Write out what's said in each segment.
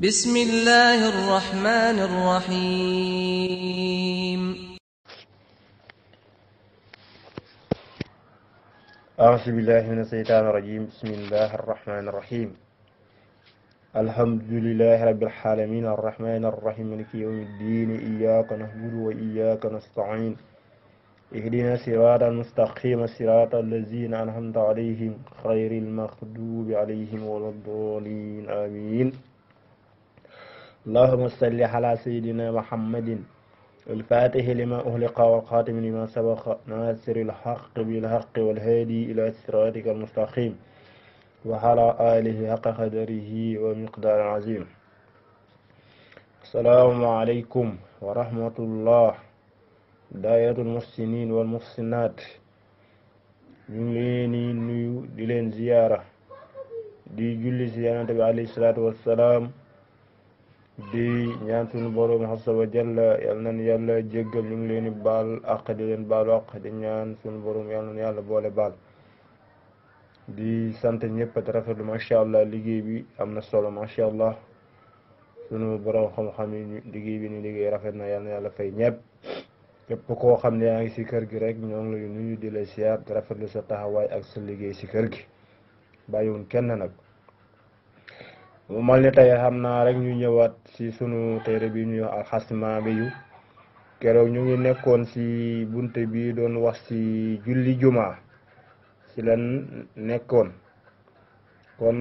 بسم الله الرحمن الرحيم أعوذ بالله من الشيطان الرجيم بسم الله الرحمن الرحيم الحمد لله رب العالمين الرحمن الرحيم مالك يوم الدين إياك نعبد وإياك نستعين اهدنا صراط المستقيم صراط الذين أنعمت عليهم خير المغضوب عليهم ولا الضالين آمين اللهم صل على سيدنا محمد الفاتح لما أهلق وقاتم لما سبق ناصر الحق بالحق والهادي إلى صراطك المستقيم وعلى آله حق قدره ومقدار عظيم السلام عليكم ورحمة الله داية المحسنين والمحسنات ñu نيو دلين زيارة دي جل زيارة عليه الصلاة والسلام di ñaan suñu borom xasa wa jalla yal nañu yàlla jéggal ñu ngi leen di baal àq di leen baalu àq di ñaan suñu borom yal nañu yàlla boole baal di sant ñëpp te rafetlu macha allah liggéey bi am na solo macha allah sunu borom xam-xam liggéey bi ni liggéey rafet na yal yàlla fay ñëpp képp koo xam ne yaa ngi si kër gi rek ñoo ngi lay nuyu di la siyaar te rafetlu sa taxawaay ak sa liggéey si kër gi bàyyiwun kenn nag. mu mel ni tey xam naa rek ñu ñëwaat si sunu téere bi ñuy wax alxasma bi yu keroog ñu ngi nekkoon si bunte bi doon wax si julli jumaa si la nekkoon kon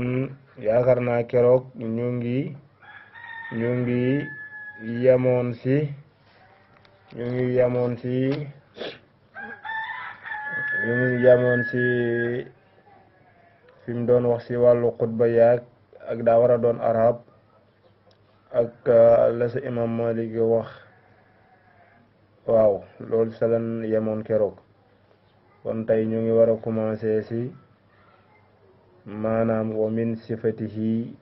yaakaar naa keroog ñu ngi ñu ngi yamoon si ñu ngi yamoon si ñu ngi yemoon si doon wax si wàllu xutba yaag ak da wara arab ak ah, la sa imam malik wax waaw lol salan lan yemoon kon tay ñu ngi wara commencé si wa min sifatihi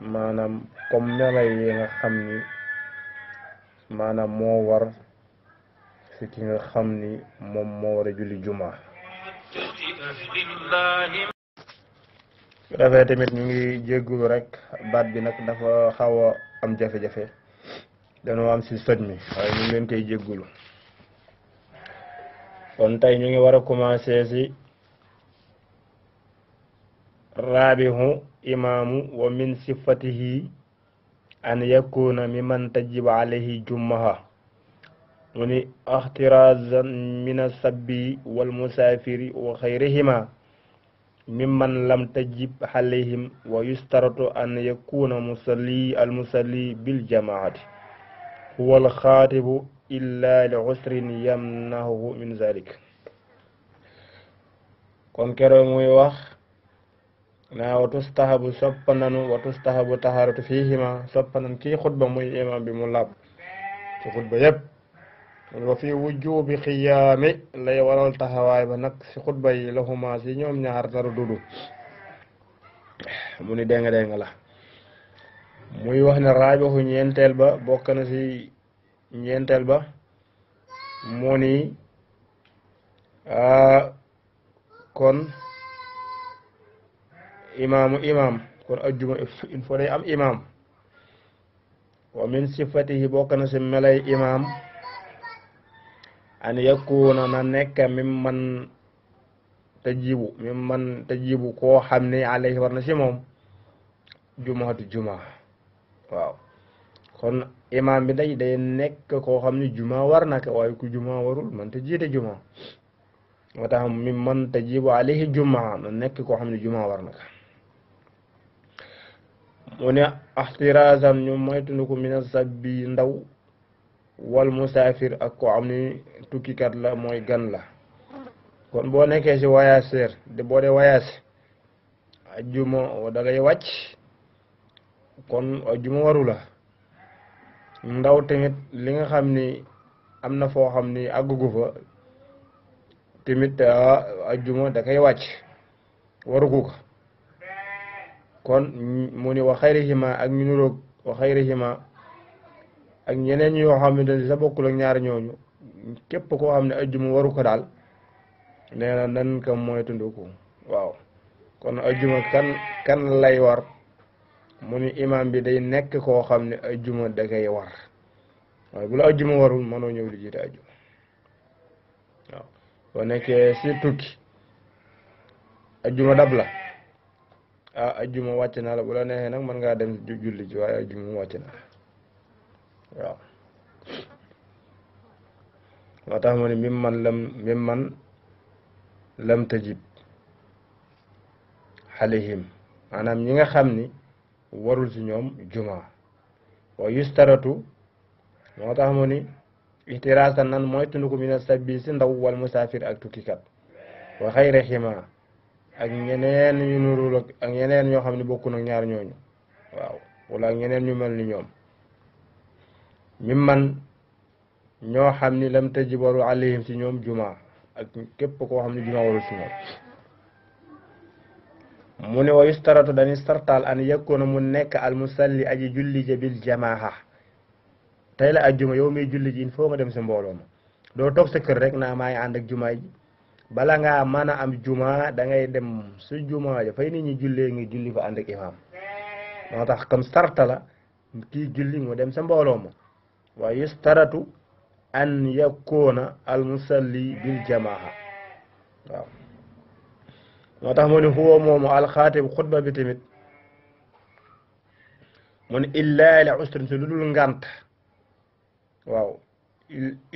manam kom mela yi nga xamni manam mo war ci ki nga xamni mom mo wara julli juma su tamit ñu ngi jéggulu rek baat bi nag dafa xaw a am jafe-jafe dañoo am si soj mi ñu ngi leen koy jéggulu kon tey ñu ngi war a commencé si raabihu imaamu wa min sifatihi an yakuna miman tajibu alayhi jummaha mu ni ixtirazan min asabbi wal musaafiri wa xayrihima ممن لم تجب عليهم ويسترط أن يكون مصلي المصلي بالجماعة هو الخاطب إلا لعسر يمنعه من ذلك كون كيرو موي واخ نا وتستحب سبنن وتستحب طهارة فيهما سبنن كي خطبة موي إمام بملاب في خطبة يب wa fi wujubi xiyaami lay waral taxawaay ba nag si xutba yi laxumaa si ñoom ñaar dudu mu ni dénga dénga la muy wax ne raajaxu ñeenteel ba bokk na ñeenteel ba moo ni kon imaamu imaam kon ajjuma il faut am imaam wa min sifatihi bokk na melay imaam an yakuna na nekk mim man tajibu mim man tajibu koo xam ne alayhi war na si moom jumaatu juma waaw kon imaam bi day day nekk koo xam ne juma war na ko waaye ku juma warul man ta jiite juma moo tax mim man tajibu alayhi juma na nekk koo xam ne juma war na ko mu ne axtiraasan ñu moytu nu ko mina sabbi ndaw wal musaafir ak ko am ni tukkikat la mooy gan la kon boo nekkee ci voyageur de boo dee voyage ajjuma da ngay wàcc kon ajjuma waru la ndaw tamit li nga xam ni am na foo xam ni àggugu fa tamit ah, ajjuma da koy wàcc warugu ko kon mu ni wa xayrihima ak ñu nuroog wa xayrihima ak ñeneen ñi yoo xamante ne sa bokkul ak ñaar ñooñu képp koo xam ne ajjuma waru ko daal nee na nan ko moytandiku waaw kon ajjuma kan kan lay war mu ni imaam bi day nekk koo xam ne ajjuma da koy war waaye bu la ajjuma warul mënoo ñëw di jiite ajjuma waaw boo nekkee si tukki ajuma dab la ah ajjuma wàcc na la bu la neexee nag mën ngaa dem julli ji waaye ajjuma wàcc na waaw moo tax mu ne mim man lam mim man lam tajib xalihim maanaam ñi nga xam ni warul ci ñoom juma wa yustaratu moo tax mu ni itiraasan nan mooy tunduko mina sabbi si ndaw wal musaafir ak tukkikat wa xayri xima ak ñeneen ñu nurul ak ñeneen ñoo xam ne bokku nag ñaar ñooñu waaw wala ak ñeneen ñu mel ni ñoom mimman ñoo xam ni lam tëj alayhim si ñoom juma ak képp koo xam juma waru si ñoom mu ne wa yustaratu dañuy an yakuna mu nekk al musalli aji julli ja bil jamaaha tey la ajjuma yow may julli ji il nga dem sa mbooloo ma doo toog sa kër rek naa maa ànd ak juma ji bala nga mana am juma da ngay dem su juma ja fay nit ñi jullee nga julli fa ànd ak imam moo tax comme sarta la kii julli mu dem sa mbooloo ma wa yustaratu an yakoona almusalli bil jamaa waaw moo tax mu ni huwa moomu xutba bi tamit mu ni illaa li usrin si lu waaw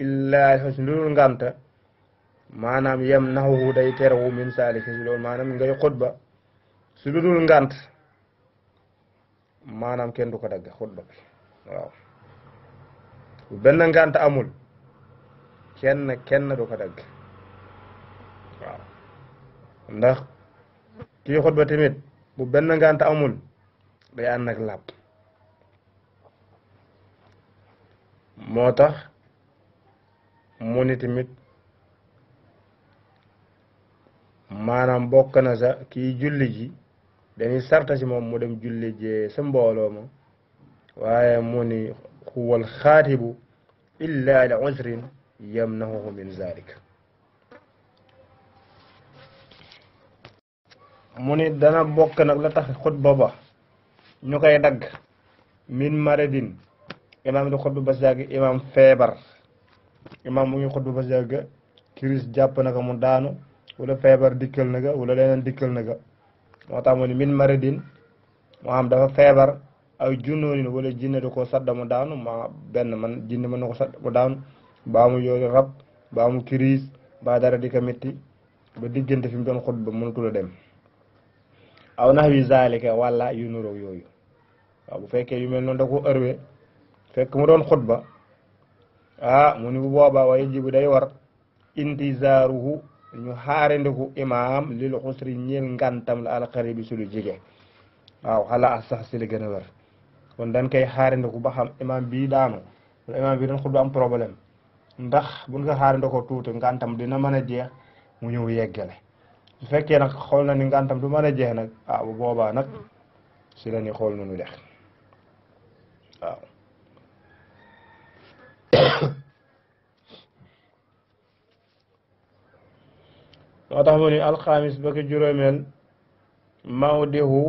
illaa li usrin lu dul ngànt maanaam yem naxuhu day terewu min saalisi si loolu maanaam ngay xutba si lu dul ngànt maanaam kenn du ko dagg xutba waaw bu benn ngànt amul kenn kenn du ko dagg waaw ndax kii xutba tamit bu benn ngànt amul day ànd ak làpp moo tax mu ni tamit maanaam bokk na sa kii julli ji dañuy sarta si moom mu dem julli jee sa mbooloo ma waaye huwa alxaatibu illa li uzrin yamnahuhu min zalik mu ni dana bokk nag la tax xutba ba ñu koy dagg min maradin imaam di xutba ba sàgg imaam feebar imaam mu ngi xutba ba sàgg kiris jàpp na ko mu daanu wala feebar dikkal na ga wala leneen dikkal na ga moo mu ni min maradin moo xam dafa feebar ay junnoni no wole jinnede ko saɗɗa mo daanu ma benna man jinne man ko saɗɗa mo daanu mbamo yoore rab mbamo kiris mba darade ka metti ɓe diggente fi mbion hotbe montuɗo ɗem aw nahwi zalika walla yunuro yooyu wa ɓo fekke yumel noon deko heure fekk mo ɗon hotba a moni bo booba wa yejibu day war intisaruhu ñu haarende ko imam lil husri ñel ngantam l alkaribi sulu jige waaw hala a sah sili gëna wer kon dañ koy xaarandi ku ba xam imaam bii daanu wala imaam bii dañ xutba am problème ndax buñ ko xaarandi ko tuuti ngantam dina mën a jeex mu ñëw yeggale bu fekkee nag xool na ni ngantam du man a jeex nag ah bu boobaa nag si la ñuy xool nu ñu def waaw loo tax mu ni alxamis ba ki juróomeel mawdihu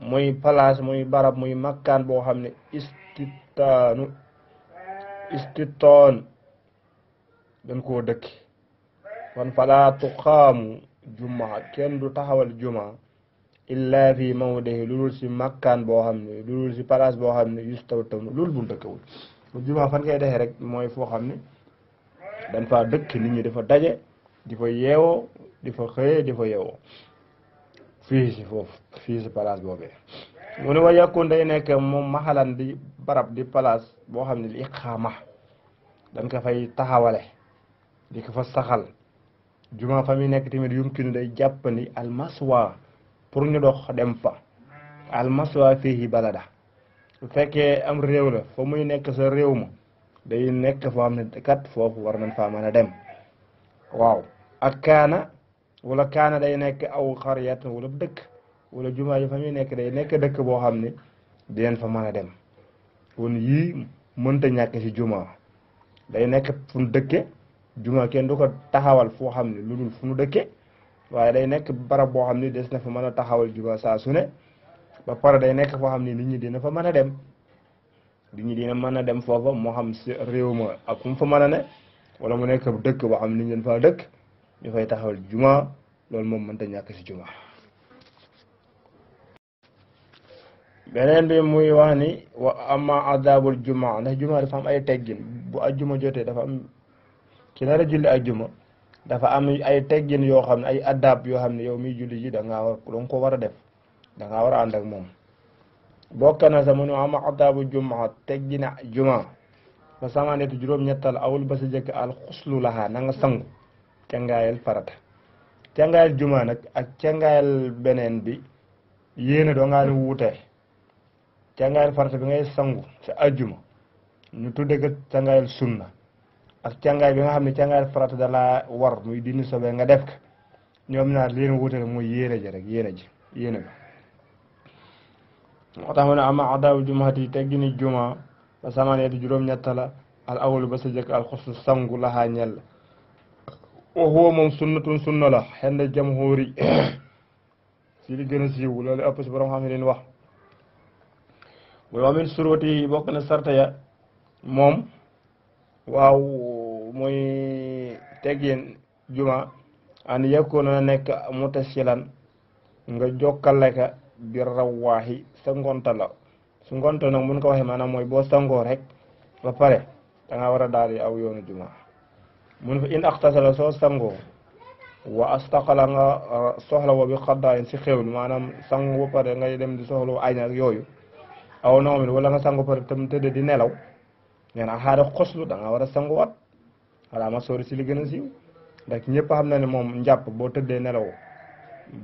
muy place muy barab muy makkan bo xamne istitanu istitaanu dañ ko dekk kon fala tuqam jumaa ken du taxawal jumaa illa fi mawdihi lulul si makkan bo xamne ne lulul si place bo xamne yustaw taw lul bu dëkkawul jumaa fan ngay dexe rek moy fo xamne dañ fa dekk nit ñi dafa daje di fa difa di difa xëyee di fii si foofu fii si place boobee mu ne wa yàkkun day nekk moom maxalan di barab di place boo xam ne li iqaama dañ ko fay taxawale di ko fa saxal juma fa mi nekk tamit yumkinu day jàppandi almaswa pour ñu dox dem fa almaswa fihi balada su fekkee am réew la fa muy nekk sa réew ma day nekk foo xam ne kat foofu war nañ faa mën a dem waaw ak kaana wala kaana day nekk aw xariyat wala dëkk wala jumaa ji fa muy nekk day nekk dëkk boo xam ne dinañ fa mën a dem kon mënta ñàkk ci jumaa day nekk fu nu dëkke jumaa kenn du ko taxawal foo xam ne lu dul fu nu dëkke waaye day nekk barab boo xam ne des na fa mën a taxawal jumaa saa su ne ba pare day nekk foo xam ne nit ñi dina fa mën a dem nit ñi dina mën a dem foofa moo xam si réew ma ak fu mu fa mën a ne wala mu nekk dëkk boo xam ne nit ñi dëkk ñu fay taxawal juma loolu moom mënta ñàkk si juma beneen bi muy wax ni wa ama adabul juma ndax juma dafa am ay teggin bu ajjuma jotee dafa am ki nar a julli ajjuma dafa am ay teggin yoo xam ne ay adab yoo xam ne yow miy julli yi danga ngaa war da nga ko war a def danga war a ànd ak moom boo na sa mu ne ama adabu juma teggin juma ba sama netu juróom-ñettal awul ba sa jëkk al xuslu laha sangu cangaayal farata cangaayal juma nag ak cangaayal beneen bi yéene doo nga ne wuute cangaayal farata bi ngay sangu sa ajjuma ñu tudd ko cangaayal sunna ak cangaay bi nga xam ne cangaayal farata dalaa war muy dindi sobee nga def ko ñoom ñaar li leen wuute rek mooy yéene ji rek yéene ji yéene bi moo tax mu ne ama adaabu jumaat yi teggi ni juma ba samaneeti juróom-ñett la al awalu ba sa jëkk al xuslu sangu laxaa wa huwa moom sunnatun sunna la xenn jamhuri ci li gën a siiw loolu a si borom xam ne wax mooy waa min surwati yi bokk na sarta ya moom waaw mooy teggin juma an yakuna nekk a mutasilan nga jokkale ka bi rawaahi sa ngonta la su ngonta nag mun ko waxee maanaam mooy boo sangoo rek ba pare da nga war a daal di aw yoonu juma mun fa in aqtasala soo sangoo wa a nga soxla wo bi xaddaa in si xewlu maanaam sangu ba pare ngay dem di soxla wo añ ak yooyu aw noomin wala nga sangu pare tam tëdd di nelaw nee na xaare xoslu da nga war a sanguwaat xalaa ma sori si li gën a siiw ndax ñëpp xam na ne moom njàpp boo tëddee nelaw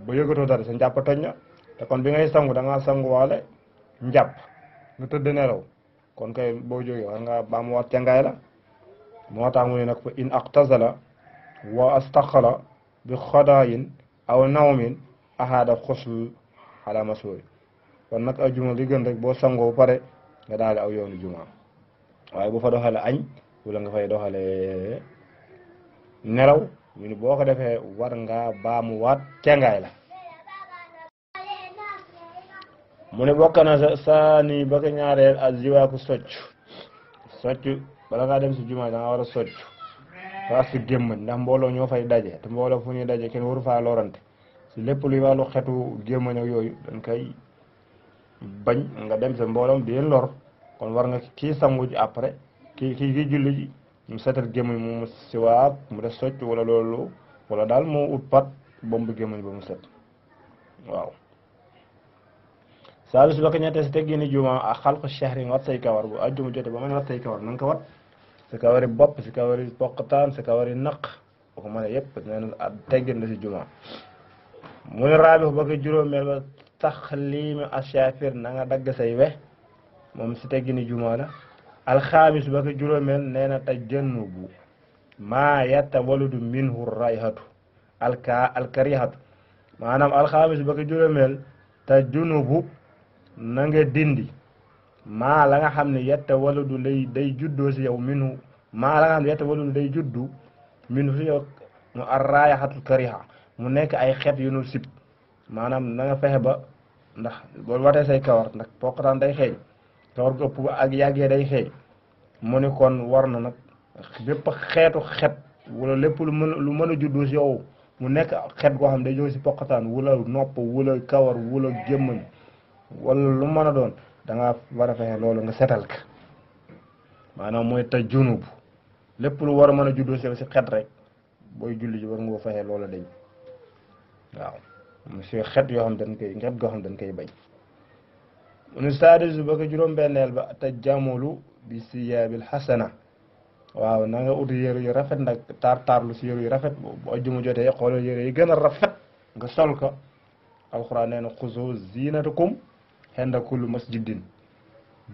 ba yëgatoo dara sa njàpp toj na te kon bi ngay sangu danga ngaa sanguwaale njàpp nga tëdd nelaw kon kay boo jógee war nga baamuwaat cangaay la moo tax mu ne nag fa in aqtazala wa astaxala bi xadaayin aw nawmin ahaada xusl ala masuuri kon nag ajuma li gën rek boo sangoo pare nga daal aw yoonu juma waaye bu fa doxale añ wala nga fay doxale nelaw ñu boo ko defee war ngaa baamuwaat cengaay la mu ne bokk na saani ba ko ñaareel ak jiwaaku socc socc bala ga dem ci juma da nga war a soccu waa si gémm ndax mbooloo ñoo fay dajje te mbolo fu ñu dajje ken wuru fa lorante ci lepp luy walu xetu gem ñaw yooyu dañ kay bañ nga dem ci mbolom di lor kon war nga ki sangu ci après ki ki julli ji ñu setal gem mu ci waap mu da socc wala lolu wala dal mo ut pat bombu ñu ba mu set waaw saalis bakanya ko ñettee juma ak xalq shahrin wat say kawar bu jote ba man wat say kawar ko wat si kawari bopp si kawari poqataan si kawari naq waxuma ne yëpp neen teggin la si juma mu ne raabi ba ko juróomeel ba tax liimi dagg say we moom si teggini juma la alxaamis ba ko juróomeel nee na taj jënnu bu maa yetta waludu minhu rayhatu alka alkarihatu maanaam alxaamis ba ko juróomeel taj junubu na nga dindi maa la nga xam ne yetta waladu lay day juddoo si yow minu maa la nga xam ne yetta waladu day juddu minu si yow mu mu nekk ay xet yu nu sib maanaam nanga nga fexe ba ndax boo watee say kawar ndax poqataan day xeeñ kawar gu ëpp ba ak yàggee day xeeñ mu ni kon war na nag lépp xeetu xet wala lépp lu mën lu mën a juddu si yow mu nekk xet goo xam day jóge si poqataan wula nopp wala kawar wala gémmañ wala lu mën a doon da nga war a fexe loolu nga setal ka maanaam mooy taj junub lépp lu war a mën a juddoo si si xet rek booy julli ji war nga fexe loola dañ waaw monsieur xet yoo xam dañ koy xet goo xam dañ koy bañ mu ni saadisu ba ko juróom-benneel ba taj jamolu bi siyaabil xasana waaw na nga ut yére yu rafet nag taar taarlu si yére yu rafet bu ajjuma jotee xoolal yére yi gën a rafet nga sol ko alxuraan nee na xuzu ziinatakum xenda kullu masjidin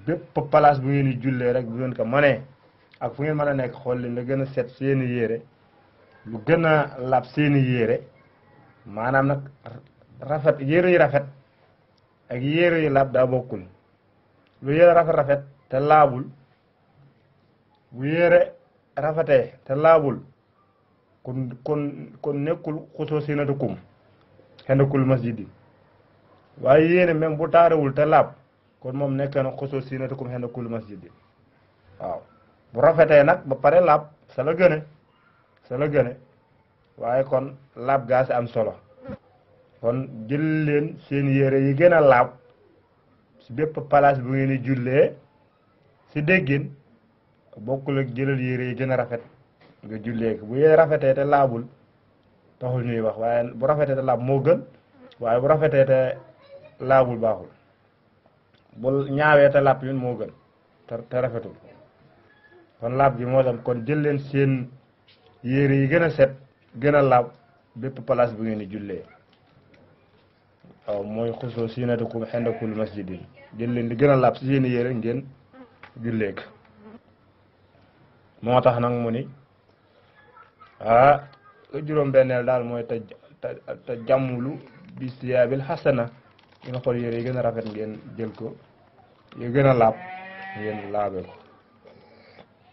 bépp place bu ngeen di jullee rek bu ngeen ko mënee ak fu ngeen mën a nekk xool li la gën a set seeni yére lu gën a lab seeni yére maanaam nag rafet yére yu rafet ak yére yu lab daa bokkul lu yére rafet rafet te laabul bu yére rafetee te laabul kon kon kon nekkul xusoo sinatukum xenda kullu masjidin waaye yéene même bu taarewul te laab kon moom nekk na xosoo siinatakum xen kulli masjidin waaw bu rafetee nag ba pare laab sa la gëne sa gëne waaye kon laab gaa si am solo kon jël leen seen yére yi gën a laab si bépp place bu ngeen di jullee si déggin bokkul ak jëlal yére yi gën a rafet nga jullee bu yee rafetee te laabul taxul ñuy wax waaye bu rafetee te laab moo gën waaye bu rafetee te laabul baaxul bu ñaawee te làpp yin moo gën te te rafetul kon laab gi moo tam kon jël leen seen yére yi gën a set gën a laab bépp place bu ngeen di jullee mooy xusoo siinatakum xendakul masjidin jël leen di gën a laab si seen yére ngeen jullee ko moo tax nag mu ni ah juróom-benneel daal mooy te te jàmmulu xasana ngeen xool yére yi gën a rafet ngeen jël ko yu gën a laab ngeen laabe ko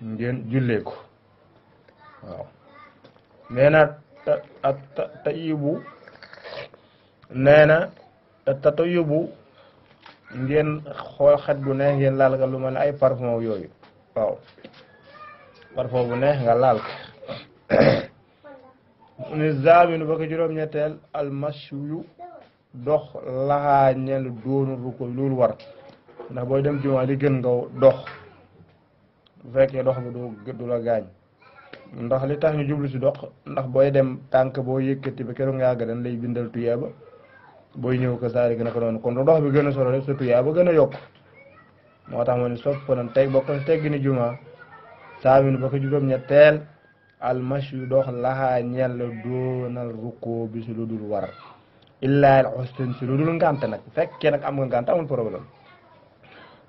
ngeen jullee ko waaw nee na ta ta yibu nee na tata yóbbu ngeen xool xet bu neex ngeen laal ko lu mel ne ay parfum yooyu waaw parfum bu neex nga laal ko ni zaaminu ba ko juróom-ñetteel almashu dox laha ñel doonu ru ko loolu war na boy dem juma li gën nga dox bu dox bu do gëddu la gañ ndax li tax ñu jublu si dox ndax boy dem tank bo yëkëti ba keroog nga àgg dañ lay bindal tuyaaba boy ñew ko saari gëna ko non kon dox bi gëna solo rek sa tuyaaba gëna yok motax mo ni ma ne sopp nan tay bokk na tegg ni juma saamin ba ko juróom ñetteel al yu dox laha ñel doonal rukkoo bi si lu dul war illaa li xusrin si lu dul ngànt nag fekkee nag am nga ngànt amul problème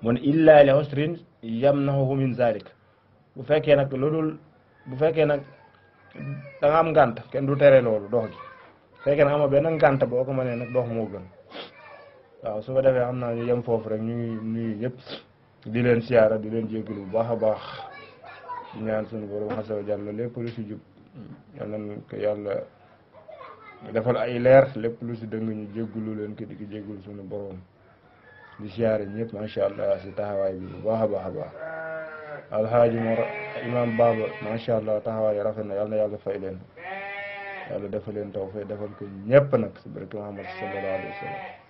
mu ne illaa li xusrin yamnahu min zalik bu fekkee nag lu dul bu fekkee nag da nga kenn du tere loolu dox gi fekkee nag amoo benn ngànt boo ko mënee nag dox moo waaw su ko defee xam naa ñu yem foofu rek ñu ngi nuyu ñëpp di leen siyaara di leen jéggalu baax a baax di ñaan suñu borom xasaw jàll lépp lu si jub yal nañ yàlla defal ay leer lépp lu si dëng ñu jéggulu leen ko di ko jéggul suñu borom di siyaare ñëpp macha allah si taxawaay bi bu baax a baax a baax alxaaji mo imam baba macha allah taxawaay rafet na yàlla na yàlla fay leen yàlla defal leen taw fay defal ko ñëpp nag si barke Muhammad sallallahu alayhi wa sallam